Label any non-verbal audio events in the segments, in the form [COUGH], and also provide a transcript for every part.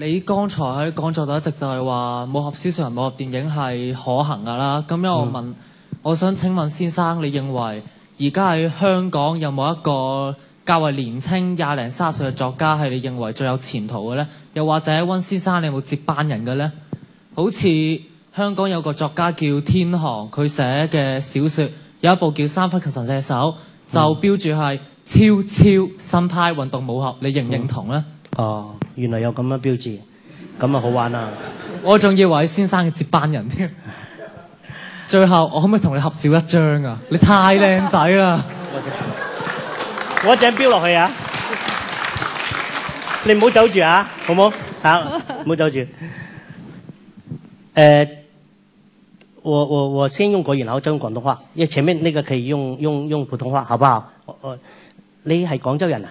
你剛才在講座度一直就係話武俠小說同武俠電影係可行㗎啦，咁樣我問，嗯，我想請問先生，你認為而家喺香港有冇有一個較為年輕廿零三十歲嘅作家係你認為最有前途嘅呢？又或者温先生你有冇接班人嘅呢？好似香港有個作家叫天航，佢寫嘅小說有一部叫《三分球神射手》，嗯，就標注係超超新派運動武俠，你認唔認同呢？嗯哦，原來有咁樣的標誌，咁啊好玩啊！我仲以為先生係接班人添。最後，我可唔可以同你合照一張啊？你太靚仔啦！ [LAUGHS] 我一隻標落去啊！你唔好走住啊，好唔好？好，唔好走住、啊呃。我我我先用國語，然後再用廣東話，因為前面那個可以用用用普通話，好不好？你係廣州人啊？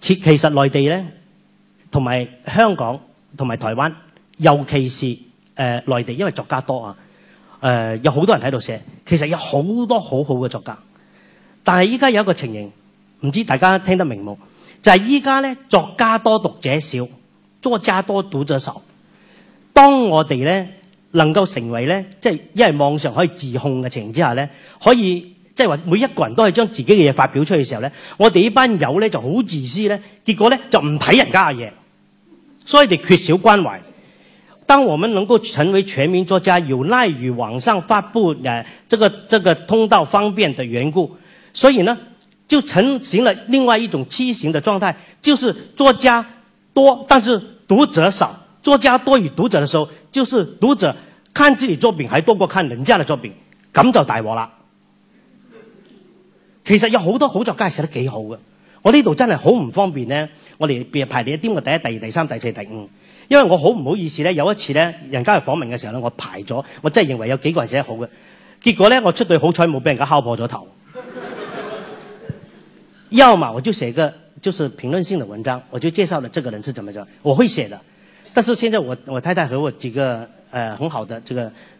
切其實內地咧，同埋香港、同埋台灣，尤其是誒內地，因為作家多啊，誒有好多人喺度寫，其實有好多好好嘅作家。但係依家有一個情形，唔知大家聽得明冇？就係依家咧作家多，讀者少，作家多，讀者少。當我哋咧能夠成為咧，即係因為網上可以自控嘅情形之下咧，可以。即係話每一個人都係將自己嘅嘢發表出嚟嘅時候咧，我哋呢班友咧就好自私咧，結果咧就唔睇人家嘅嘢，所以你缺少關懷。當我們能夠成為全民作家，有賴於網上發佈誒、呃，這個這個通道方便的緣故，所以呢就成型了另外一種畸形的狀態，就是作家多，但是讀者少。作家多於讀者的時候，就是讀者看自己作品還多過看人家的作品，咁就大鑊啦。其實有好多好作家寫得幾好嘅，我呢度真係好唔方便咧。我哋排排列一啲我第一、第二、第三、第四、第五，因為我好唔好意思咧，有一次咧，人家去訪問嘅時候咧，我排咗，我真係認為有幾個人寫得好嘅，結果咧，我出去，好彩冇俾人家敲破咗頭。 [LAUGHS] 要嘛我就寫個就是評論性嘅文章，我就介紹了這個人是怎麼樣，我會寫的。但是現在我我太太和我幾個、呃、很好的這個